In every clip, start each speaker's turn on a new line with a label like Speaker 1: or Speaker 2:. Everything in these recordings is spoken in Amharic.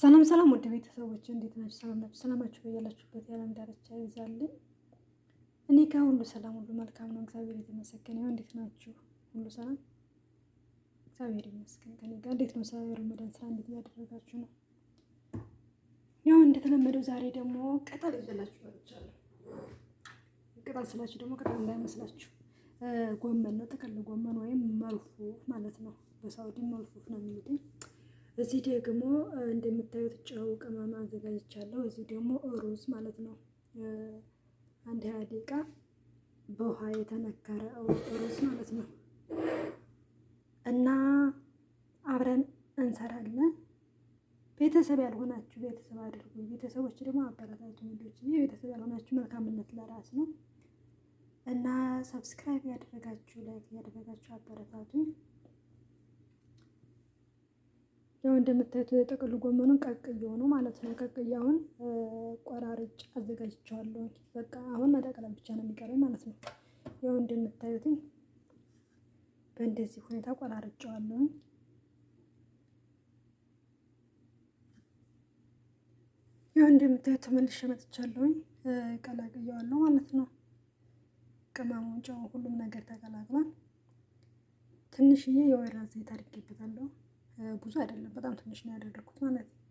Speaker 1: ሰላም ሰላም፣ ወደ ቤተሰቦች እንዴት ናችሁ? ሰላም ናችሁ? ሰላማችሁ በያላችሁበት የዓለም ዳርቻ ይብዛልኝ። እኔ ጋር ሁሉ ሰላም፣ ሁሉ መልካም ነው። እግዚአብሔር የተመሰገነ ይሁን። እንዴት ናችሁ? ሁሉ ሰላም፣ እግዚአብሔር ይመስገን። ከኔ ጋር እንዴት ነው? ሰላም ረመዳን ስራ እንዴት እያደረጋችሁ ነው? ያው እንደተለመደው ዛሬ ደግሞ ቅጠል ይዘላችሁ መጥቻለሁ። ቅጠል ስላችሁ ደግሞ ቅጠል እንዳይመስላችሁ ጎመን ነው፣ ጥቅል ጎመን ወይም መልፉፍ ማለት ነው። በሳውዲ መልፉፍ ነው የሚሉት እዚህ ደግሞ እንደምታዩት ጨው፣ ቅመም አዘጋጅቻለሁ። እዚህ ደግሞ ሩዝ ማለት ነው። አንድ ሀያ ደቂቃ በውሃ የተነከረ ሩዝ ማለት ነው እና አብረን እንሰራለን። ቤተሰብ ያልሆናችሁ ቤተሰብ አድርጉ። ቤተሰቦች ደግሞ አበረታቱ። ልጆች ቤተሰብ ያልሆናችሁ መልካምነት ለራስ ነው እና ሰብስክራይብ ያደረጋችሁ ላይክ ያደረጋችሁ አበረታቱ። ያው እንደምታዩት ጥቅል ጎመኑን ቀቅዬው ነው ማለት ነው። ቀቅዬ አሁን ቆራርጭ አዘጋጅቸዋለሁ። በቃ አሁን መጠቅለል ብቻ ነው የሚቀረኝ ማለት ነው። ያው እንደምታዩትኝ በእንደዚህ ሁኔታ ቆራርጨዋለሁ። ያው እንደምታዩት ተመልሼ መጥቻለሁኝ። ቀላቅየዋለሁ ማለት ነው። ቅመሙን፣ ጨው፣ ሁሉም ነገር ተቀላቅሏል። ትንሽዬ የወይራ ዘይት አድርጌበታለሁ። ብዙ አይደለም፣ በጣም ትንሽ ነው ያደረኩት ማለት ነው።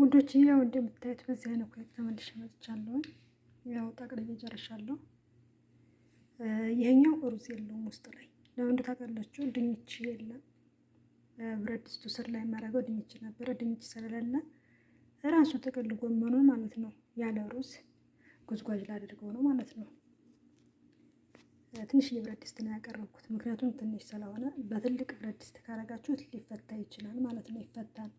Speaker 1: ውዶች ያው እንደምታዩት በዚህ አይነት ኬክ ተመልሼ መጥቻለሁ። ያው ጠቅልዬ ጨርሻለሁ። ይሄኛው ሩዝ የለውም ውስጥ ላይ ለምን ታውቃላችሁ? ድንች የለም። ብረት ድስቱ ስር ላይ የማደርገው ድንች ነበረ። ድንች ስለሌለ ራሱ ጥቅል ጎመኑ ማለት ነው ያለ ሩዝ ጉዝጓዥ ላደርገው ነው ማለት ነው። ትንሽ ብረት ድስት ነው ያቀረብኩት። ምክንያቱም ትንሽ ስለሆነ በትልቅ ብረት ድስት ካረጋችሁት ሊፈታ ይችላል ማለት ነው፣ ይፈታል።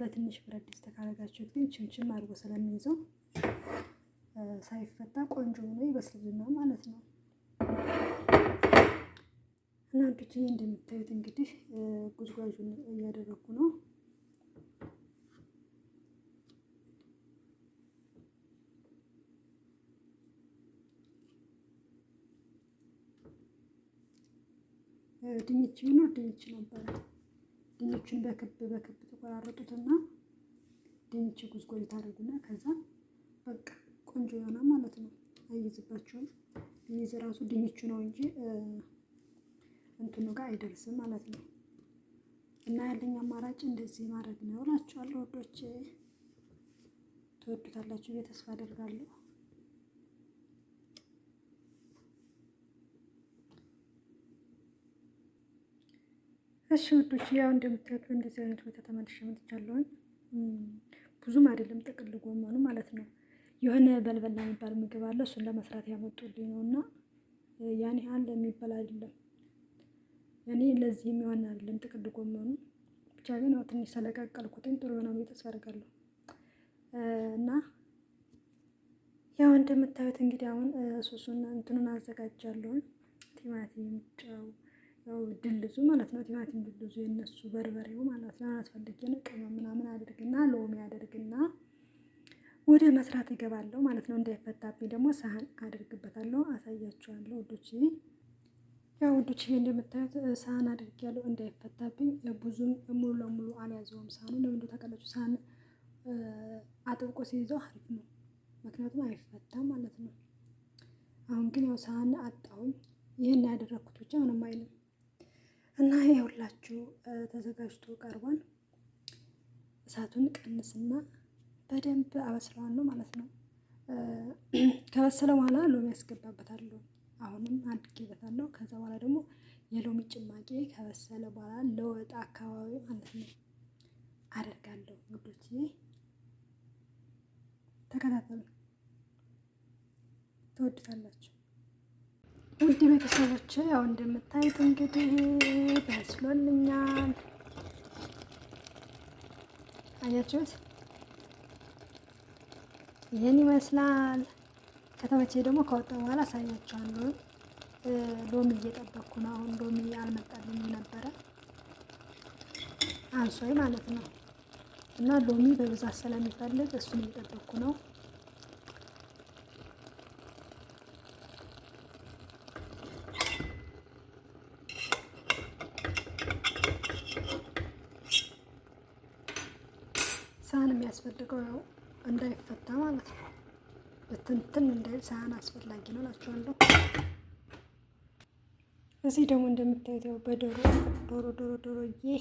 Speaker 1: በትንሽ ብረት ድስት ካረጋችሁት ግን ችምችም አድርጎ ስለሚይዘው ሳይፈታ ቆንጆ ሆኖ ይበስልልናል ማለት ነው። እናንቶች ይህ እንደምታዩት እንግዲህ ጉዝጓዡን እያደረጉ ነው። ድንች ቢኖር ድንች ነበረ። ድንቹን በክብ በክብ ተቆራረጡትና ድንች ጉዝጎዝ ታደርጉና ከዛ በቃ ቆንጆ የሆነ ማለት ነው። አይይዝባችሁም። ይይዝ ራሱ ድንቹ ነው እንጂ እንትኑ ጋር አይደርስም ማለት ነው። እና ያለኝ አማራጭ እንደዚህ ማድረግ ነው እላችኋለሁ። ወዶች ትወዱታላችሁ ብዬ ተስፋ አደርጋለሁ። እሺ ውዶች፣ ያው እንደምታዩት እንደዚህ አይነት ቦታ ተመልሼ መጥቻለሁኝ። ብዙም አይደለም ጥቅል ጎመኑ ማለት ነው። የሆነ በልበላ የሚባል ምግብ አለ። እሱን ለመስራት ያመጡልኝ ነው እና ያን ያህል የሚባል አይደለም። እኔ ለዚህ የሚሆን አይደለም ጥቅል ጎመኑ ብቻ። ግን ያው ትንሽ ሰለቀቀልኩትኝ ጥሩ የሆነ ቤት አስፈርጋለሁ እና ያው እንደምታዩት እንግዲህ አሁን ሶሱና እንትኑን አዘጋጃለሁኝ ቲማቲም፣ ጨው ያው ድልዙ ማለት ነው ቲማቲም ድልዙ የነሱ በርበሬው ማለት ነው። አስፈልጊ ነው ቅመም ምናምን አድርግና ሎሚ አድርግና ወደ መስራት ይገባለሁ ማለት ነው። እንዳይፈታብኝ ደግሞ ሳህን አድርግበታለሁ። አሳያችኋለሁ ውዶች። ያው ውዶች እንደምታዩት ሳህን አድርጌያለሁ እንዳይፈታብኝ። ብዙም ሙሉ ለሙሉ አልያዘውም ሳህኑ። ለምንድ ታውቃላችሁ? ሳህን አጥብቆ ሲይዘው አሪፍ ነው፣ ምክንያቱም አይፈታም ማለት ነው። አሁን ግን ያው ሳህን አጣሁኝ። ይህን ያደረግኩት ብቻ ምንም አይልም። እና የሁላችሁ ተዘጋጅቶ ቀርቧል። እሳቱን ቀንስና በደንብ አበስለዋለሁ ማለት ነው። ከበሰለ በኋላ ሎሚ ያስገባበታለሁ። አሁንም አድጌበታለሁ። ከዛ በኋላ ደግሞ የሎሚ ጭማቂ ከበሰለ በኋላ ለወጥ አካባቢ ማለት ነው አደርጋለሁ። ውዶች ተከታተሉ፣ ትወዱታላችሁ። ውድ ቤተሰቦች ያው እንደምታዩት እንግዲህ በስሎልኛል። አያችሁት? ይህን ይመስላል። ከተመቼ ደግሞ ከወጣ በኋላ አሳያችኋለሁ። ሎሚ እየጠበኩ ነው። አሁን ሎሚ አልመጣልኝ ነበረ አንሶይ ማለት ነው እና ሎሚ በብዛት ስለሚፈልግ እሱን እየጠበኩ ነው። ሳህን የሚያስፈልገው ያው እንዳይፈታ ማለት ነው። በትንትን እንዳይል ሳህን አስፈላጊ ነው እላችኋለሁ። እዚህ ደግሞ እንደምታዩት ያው በዶሮ ዶሮ ዶሮ ዶሮ ዶሮዬ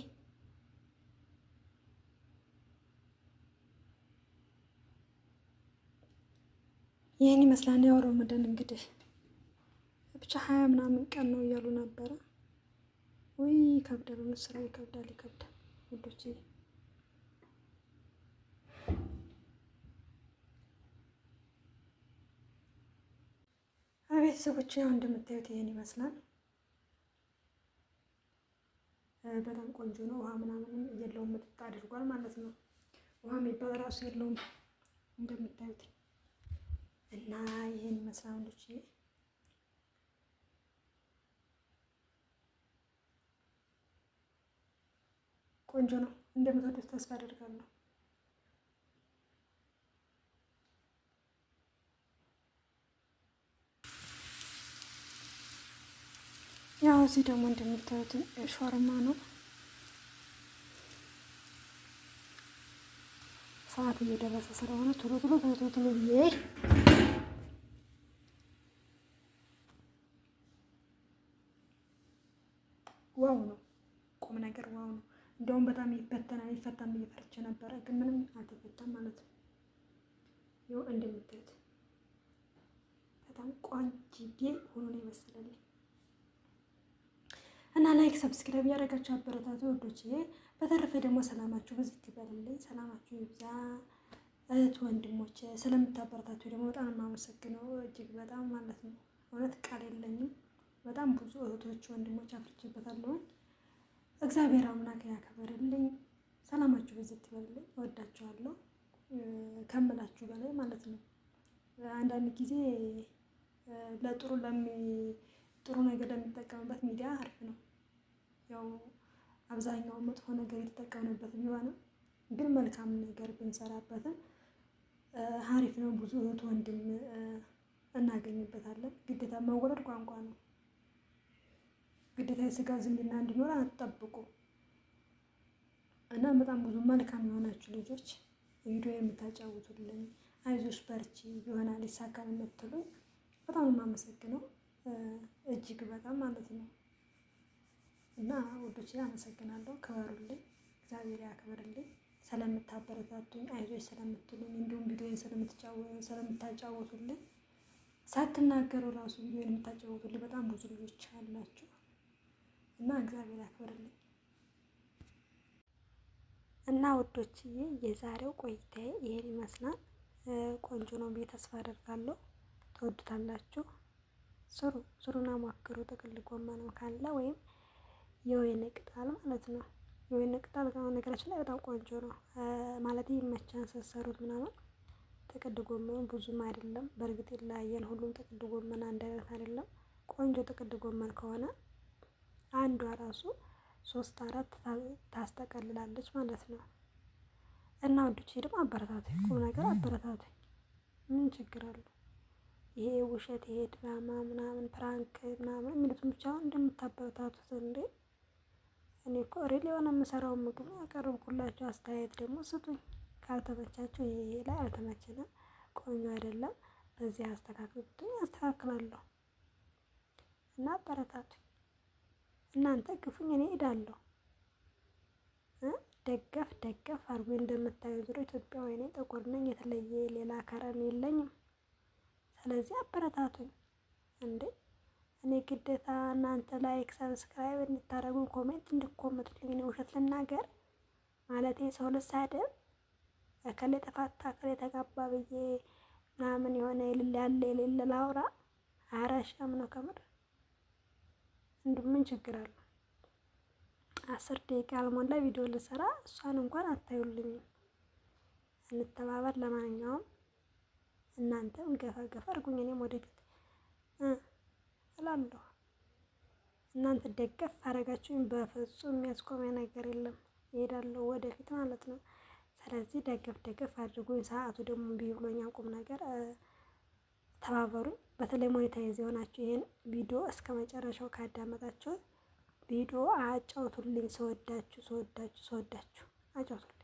Speaker 1: ይህን ይመስላል። ያው ረመዳን እንግዲህ ብቻ ሀያ ምናምን ቀን ነው እያሉ ነበረ። ወይ ይከብዳል፣ ስራ ይከብዳል፣ ከብደ ውዶች። ቤተሰቦች ያው እንደምታዩት ይሄን ይመስላል። በጣም ቆንጆ ነው። ውሃ ምናምንም የለውም ምጥጥ አድርጓል ማለት ነው። ውሃ የሚባል ራሱ የለውም እንደምታዩት እና ይሄን ይመስላል ወንዶች ቆንጆ ነው። እንደምትወዱት ተስፋ አደርጋለሁ። ያው እዚህ ደግሞ እንደምታዩት ሾርማ ነው። ሰዓት እየደረሰ ስለሆነ ቶሎ ቶሎ ቶሎ ቶሎ ብዬ ዋው ነው ቁም ነገር ዋው ነው። እንደውም በጣም ይፈተናል ይፈታም እየፈረቸ ነበረ፣ ግን ምንም አልተፈታም ማለት ነው። ይኸው እንደምታዩት በጣም ቆንጅዬ ሆኖ ነው የመሰለልኝ። እና ላይክ ሰብስክራይብ ያደረጋችሁ አበረታቱ ወዶችዬ። በተረፈ ደግሞ ሰላማችሁ ብዙ ይበልልኝ፣ ሰላማችሁ ይብዛ። እህት ወንድሞች ስለምታበረታቱ ደግሞ በጣም የማመሰግነው እጅግ በጣም ማለት ነው። እውነት ቃል የለኝም። በጣም ብዙ እህቶች ወንድሞች አፍርቼበታለሁ። እግዚአብሔር አምላክ ያከበርልኝ። ሰላማችሁ ብዙ ይበልልኝ። እወዳችኋለሁ ከምላችሁ በላይ ማለት ነው። አንዳንድ ጊዜ ለጥሩ ለሚ ጥሩ ነገር ለሚጠቀምበት ሚዲያ አሪፍ ነው። ያው አብዛኛው መጥፎ ነገር የተጠቀምንበት ቢሆንም ግን መልካም ነገር ብንሰራበትም ሀሪፍ ነው። ብዙ እህት ወንድም እናገኝበታለን። ግዴታ መወለድ ቋንቋ ነው። ግዴታ የስጋ ዝምድና እንዲኖር አትጠብቁ እና በጣም ብዙ መልካም የሆናችሁ ልጆች ቪዲዮ የምታጫውቱልን አይዞሽ በርቺ ይሆናል ይሳካል የምትሉኝ በጣም የማመሰግነው እጅግ በጣም ማለት ነው። እና ውዶች አመሰግናለሁ። ክበሩልኝ፣ እግዚአብሔር ያክብርልኝ። ስለምታበረታቱኝ፣ አይዞች ስለምትሉኝ፣ እንዲሁም ቪዲዮን ስለምታጫወቱልኝ፣ ሳትናገሩ ራሱ ቪዲዮን የምታጫወቱልኝ በጣም ብዙ ልጆች አላችሁ እና እግዚአብሔር ያክብርልኝ። እና ውዶችዬ የዛሬው ቆይታ ይሄን ይመስላል። ቆንጆ ነው ብዬ ተስፋ አደርጋለሁ። ተወዱታላችሁ። ስሩ ስሩና ሞክሩ። ጥቅል ጎመንም ካለ ወይም የወይን ቅጠል ማለት ነው። የወይን ቅጠል ነገራችን ላይ በጣም ቆንጆ ነው ማለት ይመቻን ስትሰሩት ምናምን። ጥቅል ጎመን ብዙም አይደለም፣ በእርግጥ ይለያያል። ሁሉም ጥቅል ጎመን አንድ አይነት አይደለም። ቆንጆ ጥቅል ጎመን ከሆነ አንዷ ራሱ ሶስት አራት ታስጠቀልላለች ማለት ነው። እና ወዶቼ ደግሞ አበረታቱኝ፣ ቁም ነገር አበረታቱኝ። ምን ችግር አለው? ይሄ ውሸት፣ ይሄ ድራማ ምናምን፣ ፕራንክ ምናምን የሚሉትን ብቻ እንደምታበረታቱት እንዴ እኔ እኮ ሪል የሆነ የምሰራውን ምግብ ያቀረብኩላችሁ። አስተያየት ደግሞ ስጡኝ። ካልተመቻችሁ ይሄ ላይ አልተመቸንም፣ ቆንጆ አይደለም፣ በዚህ አስተካክል ብትሉኝ አስተካክላለሁ እና አበረታቱኝ። እናንተ ግፉኝ፣ እኔ እሄዳለሁ። ደገፍ ደገፍ አርጎ እንደምታዩ ዙሮ ኢትዮጵያዊ ነኝ፣ ጥቁር ነኝ፣ የተለየ ሌላ ከረን የለኝም። ስለዚህ አበረታቱኝ እንዴ! እኔ ግዴታ እናንተ ላይክ፣ ሰብስክራይብ እንድታደርጉ ኮሜንት እንድትኮምቱልኝ ነው። ውሸት ልናገር ማለት ሰው ልሳደብ እከሌ ተፋታ እከሌ ተጋባ ብዬ ምናምን የሆነ ያለ የሌለ ላውራ አረሻም ነው ከምር እንድምን ችግር አለ። አስር ደቂቃ አልሞላ ቪዲዮ ልሰራ እሷን እንኳን አታዩልኝም። እንተባበር። ለማንኛውም እናንተም ገፋ ገፋ እርጉኝ እኔም ወደፊት እላለሁ። እናንተ ደገፍ አረጋችሁኝ፣ በፍጹም የሚያስቆመኝ ነገር የለም። ይሄዳለሁ ወደፊት ማለት ነው። ስለዚህ ደገፍ ደገፍ አድርጉኝ። ሰዓቱ ደግሞ እምቢ ቁም ነገር ተባበሩ። በተለይ ሞኔታይዝ የሆናችሁ ይህን ቪዲዮ እስከ መጨረሻው ካዳመጣችሁት ቪዲዮ አጫውቱልኝ። ሰወዳችሁ ሰወዳችሁ ሰወዳችሁ አጫውቱልኝ።